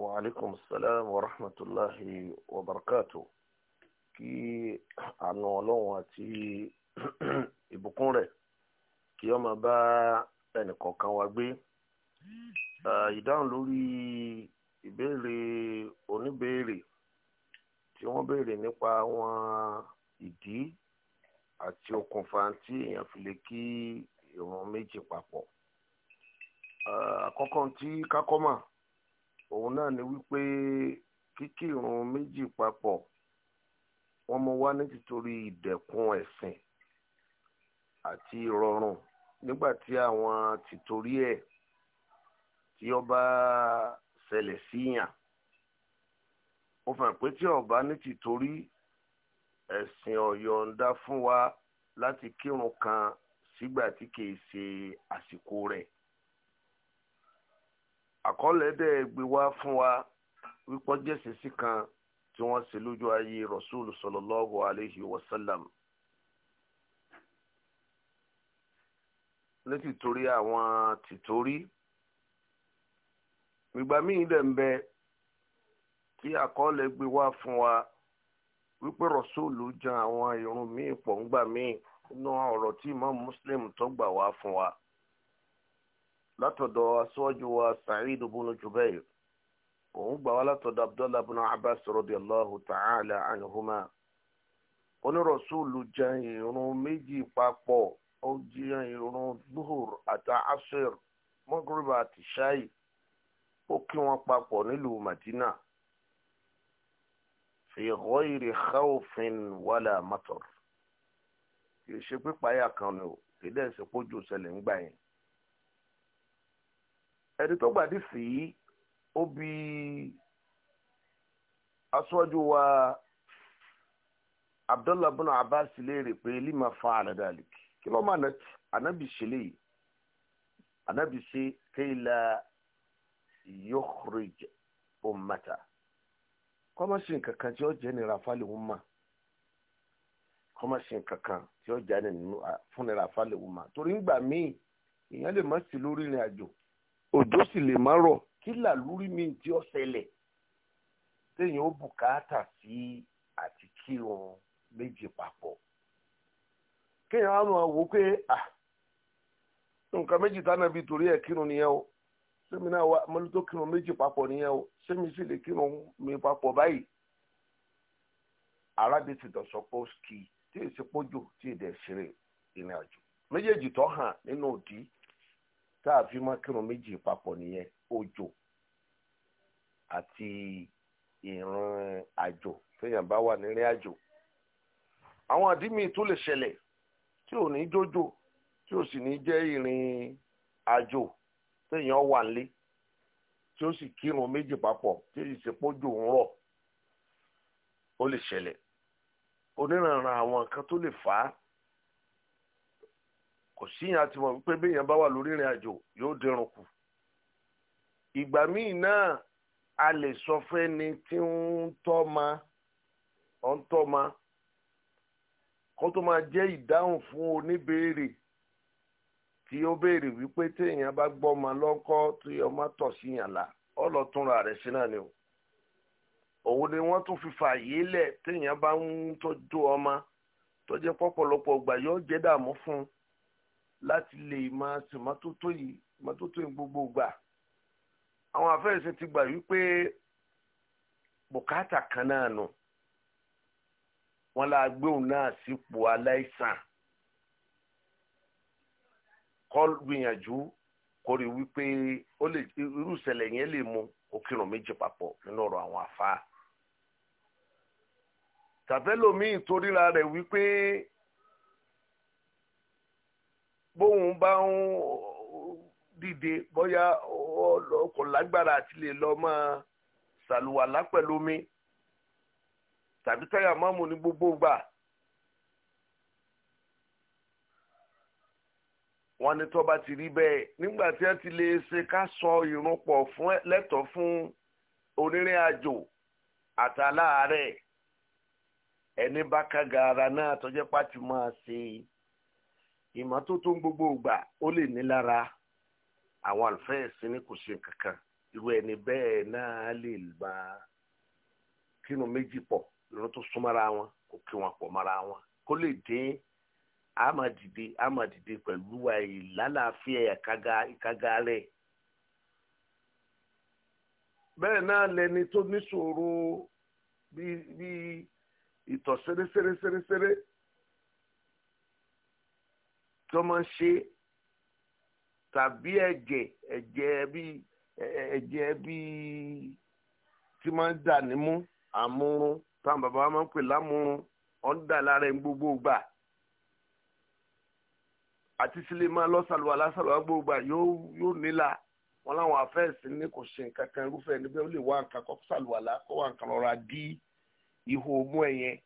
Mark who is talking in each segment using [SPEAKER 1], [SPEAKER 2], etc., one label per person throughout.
[SPEAKER 1] wa alaikum salam wa rahmatulahi wa barakatu kí àánú ọlọ́run àti ìbùkún rẹ̀ kí ó máa bá ẹnìkọ̀ọ̀kan wa gbé ìdáhùn lórí ìbéèrè oníbéèrè tí wọ́n béèrè nípa àwọn ìdí àti okùnfà tí èèyàn fi lè kí ìrun méjì papọ̀. Eh, àkọ́kọ́ tí kákọ́mà òun náà ni wípé kíkí irun méjì papọ̀ wọ́n mú wá ní títorí ìdẹ̀kùn ẹ̀sìn àti ìrọ̀rùn nígbà tí àwọn tìtorí ẹ̀ tí ó bá ṣẹlẹ̀ síyàn ó fà pé tí ọba ní tìtorí ẹ̀sìn ọ̀yọ̀ǹda fún wa láti kírun kan sígbà tí kìí ṣe àsìkò rẹ̀ àkọọ́lẹ̀ dẹ̀ gbé wá fún wa wípọ́ jẹ́sì sí kan tí wọ́n ṣe lójú ayé rasul sallallahu alayhi wa sallam. nítìtorí àwọn tìtorí ìgbà míì dẹ̀ ń bẹ tí àkọọ́lẹ̀ gbé wá fún wa wípé rọ̀ṣọ́ọ̀lù jan àwọn irun míì pọ̀ ńgbà míì nínú ọ̀rọ̀ tí imam muslim tó gbà wá fún wa látọ̀dọ̀ aṣọ́jú wa Sa'id ibn Jubair òun gbà wá látọ̀dọ̀ Abdullah ibn Abbas radiyallahu ta'ala anhuma onírọ̀súlù jẹ́ irun méjì papọ̀ ó jẹ́ irun zuhur àti asir mọ́gírìbà àti shai ó kí wọn papọ̀ nílùú Madina fi ghayri khawfin wala matar kì í ṣe pípáyà kan ni ò kì í dẹ̀ ṣe pójú ṣẹlẹ̀ ń gbà yẹn ẹni tó gbàdí sí ó aṣọ́jú wa abdullah bin abbas léèrè pé lima fa aladalik kí ló máa nàtí anabi ṣẹlẹ̀ yìí anabi ṣe kéèlà yukhrij ummata kọ́mọ̀ṣin kankan tí ó jẹ́ nira fálẹ̀ umma kọ́mọ̀ṣin kankan tí ó jẹ́ nira fún nira fálẹ̀ umma torí ń gbà míì èèyàn lè má sí lórí ìrìn àjò òjò sì lè má rọ̀ kí làlúrí mi tí ó ṣẹlẹ̀ téèyàn ó bùkátà sí àti kírun méjì papọ̀ kéèyàn á máa wò pé nǹkan méjì tánà bíi torí ẹ̀ kírun nìyẹn o sẹ́mi náà wá mo tó kírun méjì papọ̀ nìyẹn o sẹ́mi sì lè kírun mi papọ̀ báyìí arábìnrin ti dọ̀sọ́ pọ̀ kì í tí èsì pọ̀jù tí èdè ṣeré ìrìn àjò méjèèjì tó hàn nínú òdì tá a fi máa kírun méjì papọ̀ nìyẹn òjò àti ìrun àjò téèyàn bá wà nírìn àjò àwọn àdìmí tó lè ṣẹlẹ̀ tí ò ní jójò tí ò sì ní jẹ́ ìrìn àjò téèyàn wà nílé tí ó sì kírun méjì papọ̀ tí ó sì ṣe pójò ń rọ̀ ó lè ṣẹlẹ̀ oníranran àwọn kan tó lè fà á kò síyàn àti mọ̀ wípé èèyàn bá wà lórí ìrìn àjò yóò dẹrùn kù ìgbà míì náà a lè sọ fẹ́ni tí ń tọ́ ń tọ́ma kó tó máa jẹ́ ìdáhùn fún oníbèrè tí ó béèrè wípé téèyàn bá gbọ́ ma lọ́kọ́ tó yẹ ọmọ tọ̀ sí yàn la ọlọ́túnra rẹ̀ sí náà ni o òun ni wọ́n tún fi fààyè lẹ̀ téèyàn bá ń tọ́jú ọmọ tó jẹ́ pọ́pọ̀lọpọ̀ ọgbà yóò jẹ́ dààmú fún un láti lè máa sèmọ́tótó yìí mọ́tótó yìí gbogbo gbà àwọn afẹ́rẹ́sẹ̀ ti gbà wípé bùkátà kan náà nù wọn la gbé òun náà sípò aláìsàn kọ́ gbìyànjú kó rí wípé ó lè irú ìṣẹ̀lẹ̀ yẹn lè mú òkìrùn méjì papọ̀ nínú ọ̀rọ̀ àwọn àfa tàbẹ́lòmíì toríra rẹ̀ wípé bóun bá ń dìde bóyá kò lágbára àti lè lọ máa ṣàlùwàlá pẹ̀lú omi tàbí táyà mọ́mù ní gbogbo gbà. wọ́n ní tó bá ti rí bẹ́ẹ̀ nígbà tí wọ́n ti lè ṣe ká sọ ìrun pọ̀ fún lẹ́tọ̀ fún onírìn àjò àtàláàárẹ̀ ẹni bá kága ara náà tọjẹ pàtì máa ṣe ìmọ́tótó ń gbogbo ìgbà ó lè ní lára àwọn àlùfẹ́ẹ̀sì ní kò ṣe kankan irú ẹni bẹ́ẹ̀ náà lè méjì pọ̀ irun tó súnmọ́ra wọn kò kí wọn pọ̀ mọ́ra wọn kó lè dín àmàdìde àmàdìde pẹ̀lú àìlálàáfíà ìkága ìkága rẹ̀ bẹ́ẹ̀ náà lẹni tó níṣòro bíi bíi ìtọ̀ ṣeré tó máa ń ṣe tàbí ẹ̀jẹ̀ ẹ̀jẹ̀ bíi ẹ̀jẹ̀ bíi tí máa ń dà nímú àmúrun táwọn bàbá wa máa ń pè lámúrun ọ̀n dà lára ẹ̀ gbogbo gbà àti sílé máa lọ sàlùwà lásàlùwà gbogbo gbà yóò nílà wọn láwọn afẹ́ẹ̀sì ní kò ṣe nǹkan kan irúfẹ́ ẹni ó lè wá nǹkan kọ́ sàlùwàlá kó wá nǹkan lọ́ra dí ihò omú ẹ̀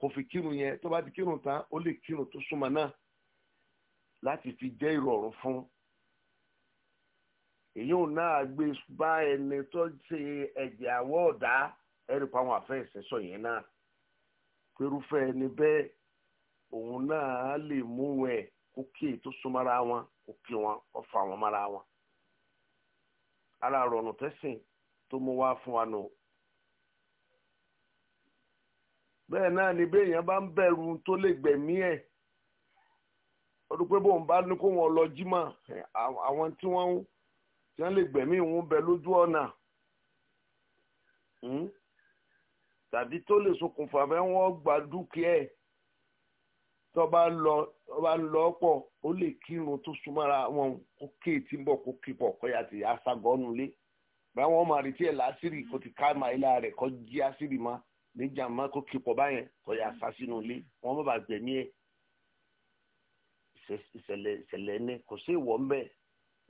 [SPEAKER 1] kò fi kírun yẹn tó bá ti kírun tán ó lè kírun tó súnmọ́ náà láti fi jẹ́ ìrọ̀rùn fún èyí ò náà gbé bá ẹni tó ṣe ẹ̀jẹ̀ àwọ̀ ọ̀dá ẹ̀rì pa àwọn àfẹ́sẹ̀ sọ yẹn náà pẹ̀rúfẹ́ ẹni bẹ́ẹ̀ òun náà lè mú ẹ̀ kó kí èyí tó súnmọ́ra wọn kó kí wọn kó fa wọn mọ́ra wọn. ara rọrùn tẹ́sìn tó mú wá fún wa nù. bẹ́ẹ̀ náà ni bẹ́ẹ̀ béèyàn bá ń bẹ̀rù tó lè gbẹ̀mí ẹ̀ ọdún pé bóun bá ní kó wọn lọ jímọ̀ àwọn tí wọ́n tí wọ́n lè gbẹ̀mí òun bẹ lójú ọ̀nà hmm? tàbí tó lè ṣokùnfà fẹ́ wọ́n gba dúkìá ẹ̀ tó bá lọ tó bá lọ pọ̀ ó lè kírun tó súnmọ́ra wọn kó kéètì ń bọ̀ kó kí pọ̀ kọ́ ya ti aṣàgọ́nu lé wọ́n máa retí ẹ̀ lásìrì kó ti ká màílà rẹ̀ kọ́ jí àṣírí ma níjà kó kí pọ̀ báyẹn kọ́ ya sá wọ́n má bàa gbẹ̀mí ẹ̀ ìṣẹ̀lẹ̀ ìṣẹ̀lẹ̀ ní kò sí ìwọ mbẹ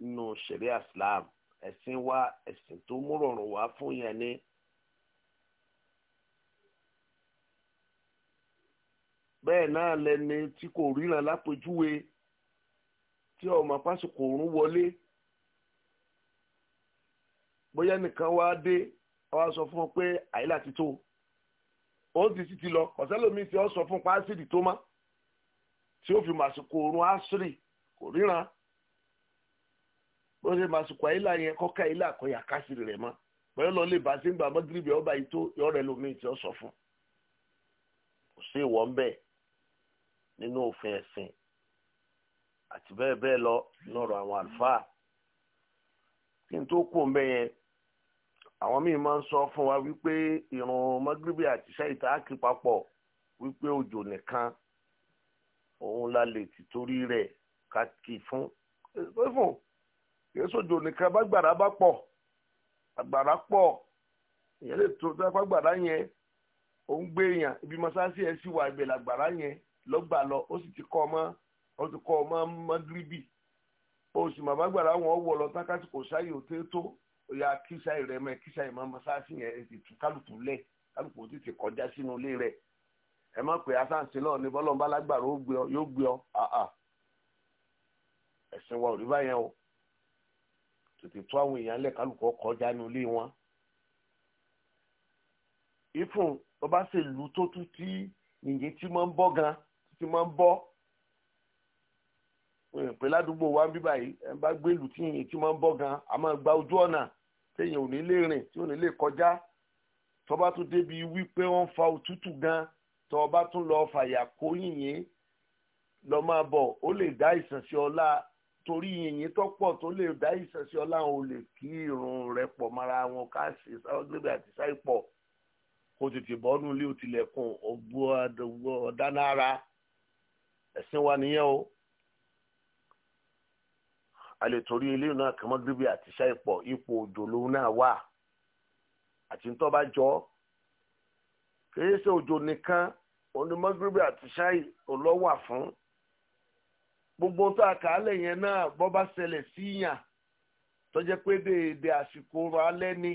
[SPEAKER 1] nínú ṣẹ̀ríà Islam ẹ̀sìn wa ẹ̀sìn tó múrọ̀rùn wá fún yẹn ni. bẹ́ẹ̀ náà lẹni tí kò ríran lápèjúwe tí ọmọ pásìkò òórùn wọlé bóyá nìkan wá dé wá sọ fún ọ pé àyílà ti tó ó ti sì ti lọ ọ̀sẹ̀ lómi ti ọ sọ fún pásítì tó máa. tí ó fi màsìkò oorun asiri kò ríran bó ṣe màsìkò àyílà yẹn kọ́ka àyílà kọ́ yà kásìrì rẹ̀ mọ́ pẹ̀lú lọ lè bá sí gba mọ́gìrìbì ọba yìí tó yọ rẹ̀ lómi tí ó sọ fún kò sí ìwọ ń ati nínú òfin ẹ̀sìn àti bẹ́ẹ̀ bẹ́ẹ̀ lọ lọ́rọ̀ àwọn àlùfáà kí n tó kú ń yẹn àwọn míì máa ń sọ fún wa wípé irun mọ́gìrìbì àti sẹ́yìn tá a papọ̀ wípé òjò nìkan òun la lè ti torí rẹ̀ ká kì í fún fún kìí sójò nìkan bá gbàrà bá pọ̀ àgbàrá pọ̀ èèyàn lè tó dápá gbàrá yẹn òun gbé ibi mọ́sáàsì ẹ̀ sì wà ìgbẹ̀ làgbàrá yẹn lọ́gbà lọ ó sì ti kọ́ ọmọ ó ti kọ́ ọmọ mọ́dúríbì oṣù màmá gbàrá wọn wọ̀ lọ tákàtì kò sáyè òtẹ́ tó ìyá kíṣà ìrẹ́mẹ kíṣà ìmọ̀ o yẹn ti tú kálukú lẹ̀ kálukú ẹ má pè asáǹsì náà ní bọ́lọ́n bá lágbàrú yóò gbé ọ ẹ̀sìn wa ò rí báyẹn o tètè tó àwọn èèyàn lẹ̀ kálukọ́ kọjá ní ilé wọn. ìfún tó bá ṣe lù tó tún tí yìnyín tí máa ń bọ́ gan tí máa ń bọ́ pé ládùúgbò wa ń bí báyìí ẹ bá gbé ìlú tí yìnyín tí máa ń bọ́ gan a máa gba ojú ọ̀nà téèyàn ò ní lè rìn tí ò ní lè kọjá tó bá tún débi wípé wọ́n fa òtútù gan-an tó o bá tún lọ fàyà kó yìnyín lọ máa bọ̀ ó lè dá ìsànsí ọlá torí yìnyín tó pọ̀ tó lè dá ìsànsí ọlá ò lè kí irun rẹ pọ̀ mọ́ra wọn ká sì sáwọ́gbẹ́gbẹ́ àti sáìpọ̀ kó tètè bọ́nú ilé òtìlẹ̀kùn ọgbọ́ ọ̀dánára ẹ̀sìn wa nìyẹn o a lè torí ilé náà kàmọ́gbẹ́gbẹ́ àti sáìpọ̀ ipò òjò lòun náà wà àti ń bá jọ ọ́ kìí ṣe òjò nìkan onímọ̀gíríbì àti ṣáì olówà fún gbogbo tó àkàálẹ̀ yẹn náà bọ́ bá ṣẹlẹ̀ síyàn tó jẹ́ pé déédéé àsìkò ọrọ̀ alẹ́ ni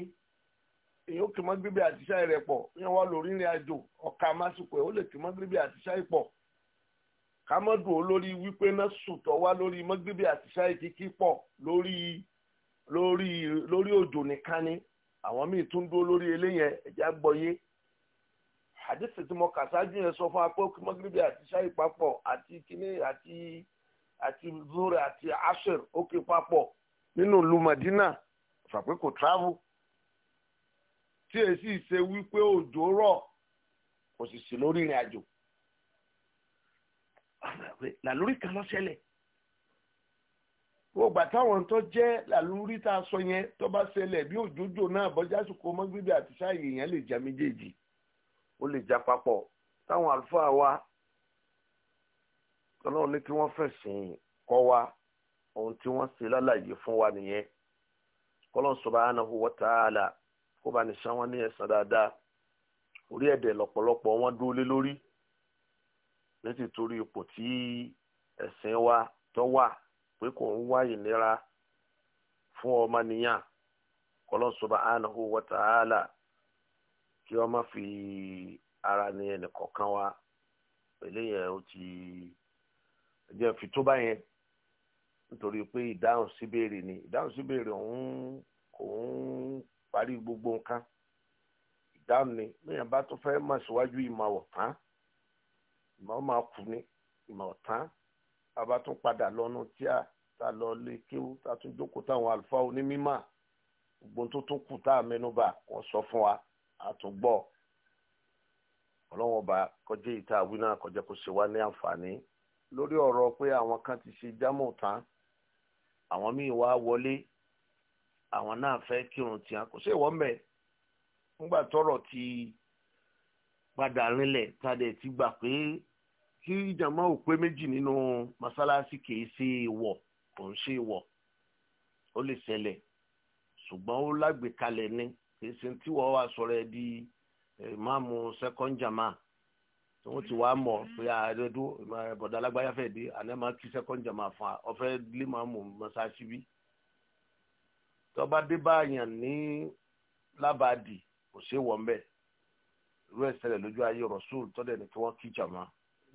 [SPEAKER 1] èyí ó kì mọ́gíríbì àti ṣáì rẹ̀ pọ̀ yẹn wá lórí ìrìn àjò ọ̀ka másìkò ẹ̀ ó lè kì mọ́gíríbì àti ṣáì pọ̀ kámọ́dù olórí wípé náà sùtọ̀ wá lórí mọ́gíríbì àti ṣáì kíkí pọ̀ lórí lórí lórí òjò nìkan ni àwọn míì tún dúró lórí eléyẹn ẹ̀já gbọ́yé hadisi tí mo kà sáájú yẹn sọ fún apẹ́ magrebi àti ṣáì papọ̀ àti kíní àti àti zoro àti asher òkè papọ̀ nínú ìlú Madina fàpẹ́ kò travel tí èsì ṣe wípé òjò rọ̀ kò sì sí lórí ìrìn àjò làlórí kan ló ṣẹlẹ̀ wọ́n gbà táwọn tó jẹ́ làlórí tá a sọ yẹn tó bá ṣẹlẹ̀ bí òjòjò náà bọ́jà sùkò mọ́gbẹ́bí àti ṣáàyè yẹn lè jẹ́ méjèèjì ó lè já papọ̀ táwọn àlùfáà wa ọlọ́run ní kí wọ́n fẹ̀sìn kọ́ wa ohun tí wọ́n ṣe lálàyé fún wa nìyẹn kọ́lọ́n subhanahu wa ta'ala kó bá ní sanwó ní ẹ̀sán dáadáa orí ẹ̀dẹ̀ lọ́pọ̀lọpọ̀ wọn dúró lé lórí ní ti torí ipò tí ẹ̀sìn wa tó wà pé kò ń wá ìnira fún ọmọnìyàn kọ́lọ́n subhanahu wa ta'ala kí wọ́n má fi ara ní ẹnìkọ̀ọ̀kan wa pẹ̀lú yẹn ó ti ẹjẹ́ fi tó bá yẹn nítorí pé ìdáhùn síbéèrè ni ìdáhùn síbéèrè òun kò ń parí gbogbo nǹkan ìdáhùn ni lóyìn bá tó fẹ́ mọ̀ síwájú ìmọ̀ ọ̀tán ìmọ̀ ọ̀ma kù ni ìmọ̀ ọ̀tán bàbá tún padà lọ́nu tíà tá lọ lé kéwú tá tún jókòó táwọn àlùfáà onímímà gbogbo tó tún kù tá a mẹ́nubà wọ́n sọ fún wa àtúgbọ́ ọlọ́wọ́n ọba kọjá ìta àwí náà kọjá kó ṣe wá ní àǹfààní lórí ọ̀rọ̀ pé àwọn kan ti ṣe jámọ̀ tán àwọn míì wá wọlé àwọn náà fẹ́ kírun tiẹ̀ kò sí ìwọ́n mẹ́ nígbà tọ́rọ̀ ti padà rinlẹ̀ tàdé ti gbà pé kí ìjàmbá ò pé méjì nínú mọ́sálásí kìí ṣe ìwọ̀ kò ń ṣe ìwọ̀ ó lè ṣẹlẹ̀ ṣùgbọ́n ó lágbèkalẹ̀ ni èsì tí wọ́n wá sọ̀rọ̀ ẹ di ìmáàmù second jama tí wọ́n ti wá mọ̀ pé àdédú bọ̀dá alágbáyà fẹ́ dé àná máa kí second jama fún wa ọ̀fẹ́ lè máa mú mọ́sáàsì bí. tọ́ba dé báyàn ní lábàdì kò sí wọ̀ ń bẹ̀ irú ẹ̀ ṣẹlẹ̀ lójú ayé Rasul tọ́dẹ̀ ní kí wọ́n kí jama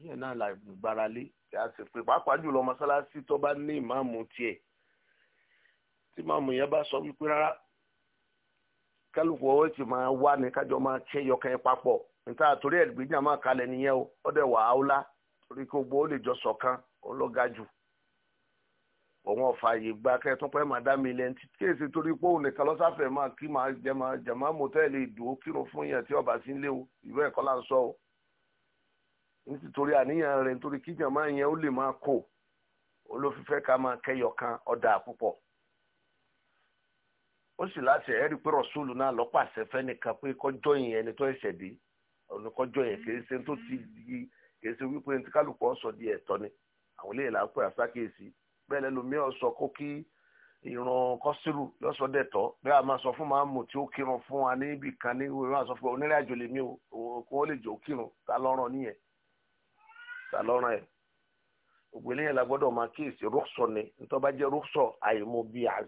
[SPEAKER 1] yẹn náà là gbára lé kí a sì pé pàápàá jùlọ mọ́sálásí tó ní ìmáàmù tiẹ̀ tí ìmáàmù yẹn bá sọ wípé rárá kálukú ọwọ́ sì máa wá ní kájọ máa kẹyọ kan papọ̀ níta torí ẹ̀gbẹ́jà máa kalẹ̀ nìyẹn o ó dẹ̀ wà torí kó o ó lè jọ sọ̀kan ọlọ́gá jù òun ọ̀fà yìí gba kẹtún pẹ́ máa mi lẹ́yìn tí kéèsì torí pé òun nìkan lọ́sàfẹ́ máa kí máa mọ́tẹ́ẹ̀lì ìdúró kírun fún yẹn tí ọba sí léwu ìlú ẹ̀kọ́ là ń sọ o nítorí àníyàn rẹ̀ nítorí yẹn ó ó sì láti ẹ̀rí pé rọ̀ṣúlù náà lọ́pàṣẹ fẹ́nìkan pé kọjọ́ yẹn ẹni tó ẹ̀ṣẹ̀ dé ọ̀nà kọjọ́ yẹn kì í ṣe tó ti mm-hmm. di kì í ṣe wípé ní kálukú ọ̀sọ̀ di ẹ̀tọ́ ni àwọn ń pè bẹ́ẹ̀ lẹ́nu mi ò sọ kó kí ìran kọ́sírù lọ́sọ̀ dẹ̀tọ́ bẹ́ẹ̀ a máa sọ fún màámu tí ó kírun fún wa níbi kan ní ìwé máa sọ fún onírìn àjò o kó lè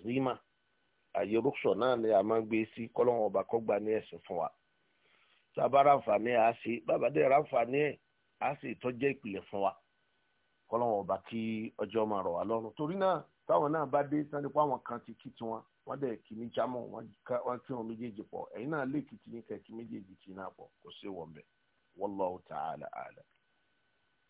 [SPEAKER 1] ta àyè naa ni a máa ń gbé sí kọ́lọ́wọ́n ọba kọ́gbà ní ẹ̀sìn fún wa sábà ráǹfààní à á ṣe bàbá dé ráǹfààní ẹ̀ á sì tọ́jẹ́ ìpìlẹ̀ fún wa kọ́lọ́wọ́n ọba kí ọjọ́ máa rọ̀ wá lọ́rùn torí náà táwọn náà bá dé pé àwọn kan ti kí tiwọn wọ́n dẹ̀ kì ní jámọ̀ wọ́n kí wọn méjèèjì pọ̀ ẹ̀yin náà lè kìtì